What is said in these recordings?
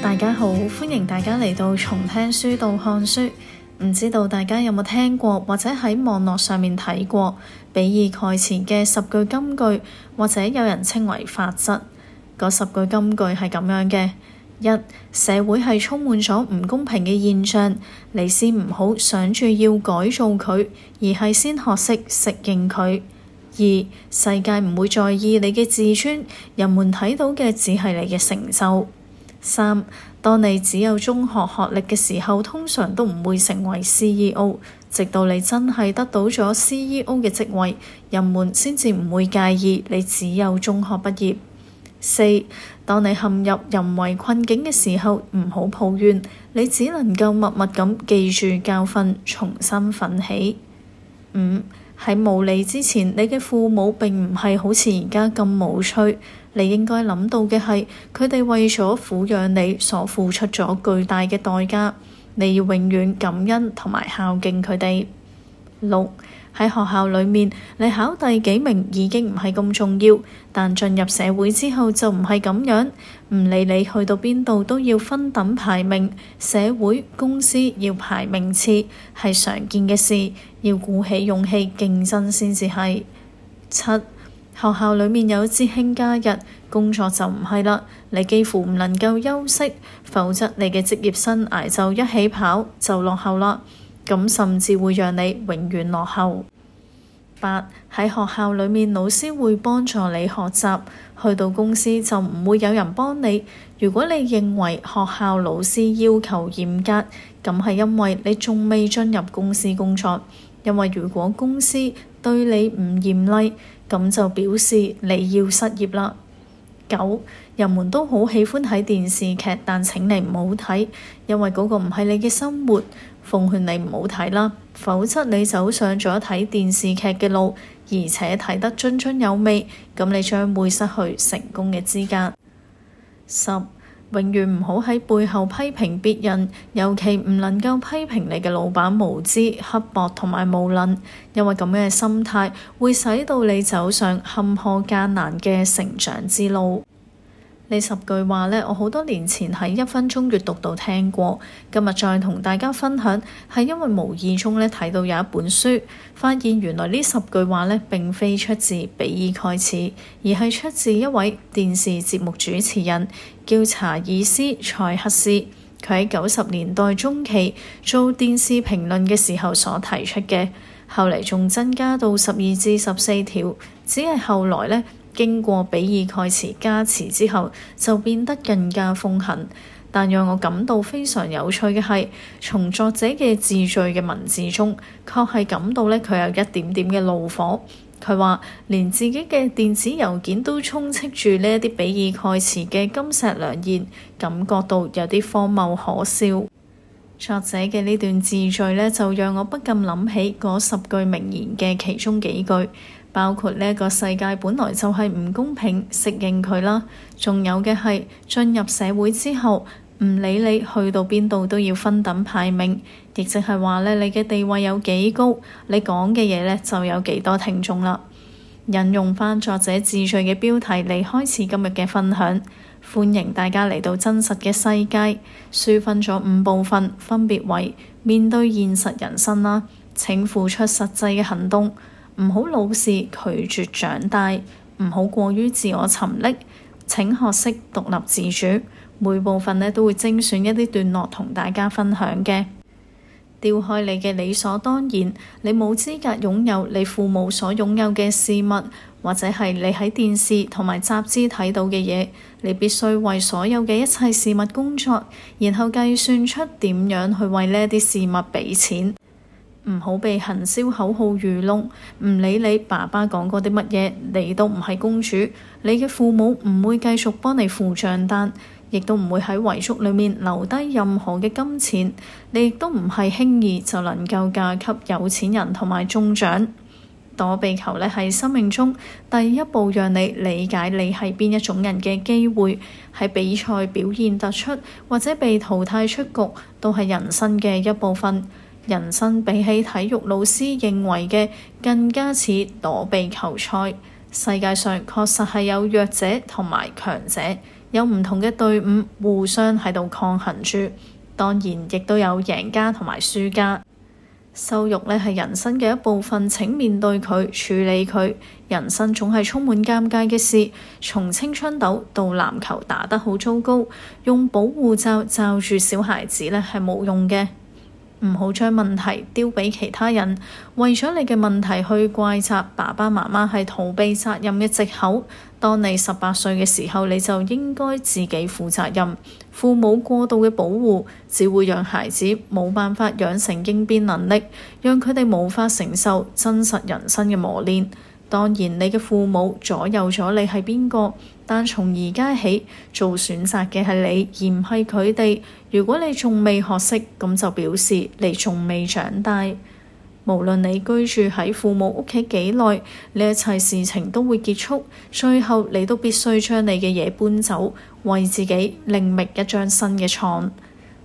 大家好，歡迎大家嚟到從聽書到看書。唔知道大家有冇聽過或者喺網絡上面睇過，比爾蓋茨嘅十句金句，或者有人稱為法則。十句金句係咁樣嘅：一、社會係充滿咗唔公平嘅現象，你先唔好想住要改造佢，而係先學識適應佢；二、世界唔會在意你嘅自尊，人們睇到嘅只係你嘅成就。三、當你只有中學學歷嘅時候，通常都唔會成為 CEO。直到你真係得到咗 CEO 嘅職位，人們先至唔會介意你只有中學畢業。四、當你陷入人為困境嘅時候，唔好抱怨，你只能夠默默咁記住教訓，重新奮起。五、喺冇你之前，你嘅父母並唔係好似而家咁無趣。你應該諗到嘅係，佢哋為咗撫養你，所付出咗巨大嘅代價，你要永遠感恩同埋孝敬佢哋。六、喺學校裏面，你考第幾名已經唔係咁重要，但進入社會之後就唔係咁樣。唔理你去到邊度，都要分等排名，社會公司要排名次，係常見嘅事，要鼓起勇氣競爭先至係。七。7. 學校裡面有節慶假日，工作就唔係啦。你幾乎唔能夠休息，否則你嘅職業生涯就一起跑就落後啦。咁甚至會讓你永遠落後。八喺學校裡面，老師會幫助你學習，去到公司就唔會有人幫你。如果你認為學校老師要求嚴格，咁係因為你仲未進入公司工作，因為如果公司對你唔嚴厲，咁就表示你要失業啦。九，人們都好喜歡睇電視劇，但請你唔好睇，因為嗰個唔係你嘅生活，奉勸你唔好睇啦，否則你走上咗睇電視劇嘅路，而且睇得津津有味，咁你將會失去成功嘅資格。十。永遠唔好喺背後批評別人，尤其唔能夠批評你嘅老闆無知、刻薄同埋無能，因為咁樣嘅心態會使到你走上坎坷艱難嘅成長之路。呢十句話呢，我好多年前喺一分鐘閱讀度聽過，今日再同大家分享，係因為無意中呢睇到有一本書，發現原來呢十句話呢，並非出自比爾蓋茨，而係出自一位電視節目主持人，叫查爾斯蔡克斯，佢喺九十年代中期做電視評論嘅時候所提出嘅，後嚟仲增加到十二至十四條，只係後來呢。經過比爾蓋茨加持之後，就變得更加鋒狠。但讓我感到非常有趣嘅係，從作者嘅字序嘅文字中，確係感到呢，佢有一點點嘅怒火。佢話連自己嘅電子郵件都充斥住呢一啲比爾蓋茨嘅金石良言，感覺到有啲荒謬可笑。作者嘅呢段字序呢，就讓我不禁諗起嗰十句名言嘅其中幾句。包括呢個世界本來就係唔公平，適應佢啦。仲有嘅係進入社會之後，唔理你去到邊度都要分等排名，亦即係話咧你嘅地位有幾高，你講嘅嘢呢就有幾多聽眾啦。引用翻作者自序嘅標題嚟開始今日嘅分享，歡迎大家嚟到真實嘅世界。書分咗五部分，分別為面對現實人生啦，請付出實際嘅行動。唔好老是拒絕長大，唔好過於自我沉溺。請學識獨立自主。每部分咧都會精選一啲段落同大家分享嘅。丟開你嘅理所當然，你冇資格擁有你父母所擁有嘅事物，或者係你喺電視同埋雜誌睇到嘅嘢。你必須為所有嘅一切事物工作，然後計算出點樣去為呢啲事物俾錢。唔好被行銷口號愚弄，唔理你爸爸講過啲乜嘢，你都唔係公主。你嘅父母唔會繼續幫你付賬單，亦都唔會喺遺囑裏面留低任何嘅金錢，你亦都唔係輕易就能夠嫁給有錢人同埋中獎。躲避球呢，係生命中第一步，讓你理解你係邊一種人嘅機會，喺比賽表現突出或者被淘汰出局，都係人生嘅一部分。人生比起體育老師認為嘅更加似躲避球賽。世界上確實係有弱者同埋強者，有唔同嘅隊伍互相喺度抗衡住。當然亦都有贏家同埋輸家。羞辱呢係人生嘅一部分，請面對佢，處理佢。人生總係充滿尷尬嘅事，從青春痘到籃球打得好糟糕，用保護罩罩住小孩子呢係冇用嘅。唔好將問題丟俾其他人，為咗你嘅問題去怪責爸爸媽媽係逃避責任嘅藉口。當你十八歲嘅時候，你就應該自己負責任。父母過度嘅保護只會讓孩子冇辦法養成應變能力，讓佢哋無法承受真實人生嘅磨練。當然，你嘅父母左右咗你係邊個，但從而家起做選擇嘅係你，而唔係佢哋。如果你仲未學識，咁就表示你仲未長大。無論你居住喺父母屋企幾耐，呢一切事情都會結束。最後，你都必須將你嘅嘢搬走，為自己另覓一張新嘅床。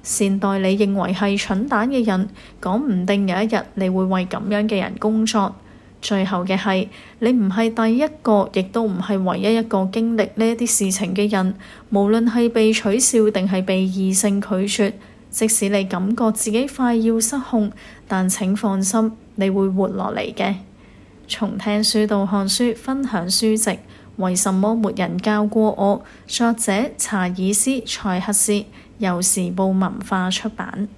善待你認為係蠢蛋嘅人，講唔定有一日你會為咁樣嘅人工作。最後嘅係，你唔係第一個，亦都唔係唯一一個經歷呢啲事情嘅人。無論係被取笑定係被異性拒絕，即使你感覺自己快要失控，但請放心，你會活落嚟嘅。從聽書到看書，分享書籍，為什麼沒人教過我？作者查爾斯·塞克斯，由時報文化出版。